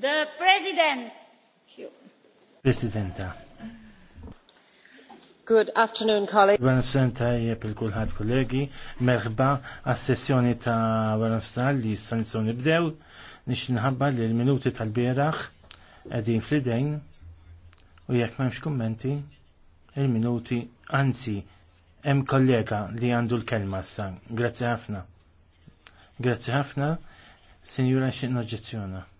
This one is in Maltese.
The President. Presidenta. Good afternoon, colleagues. Għan fsan tajjeb il-kulħat kollegi, merħba għas-sessjoni ta' għan fsan li jissan nisaw nibdew, nix nħabba li l-minuti tal-bieraħ għedin fl-idejn u jekk memx kommenti, il-minuti, anzi, hemm kollega li għandu l-kelma s san Grazie ħafna. Grazie ħafna, Sinjura xin oġġezzjona.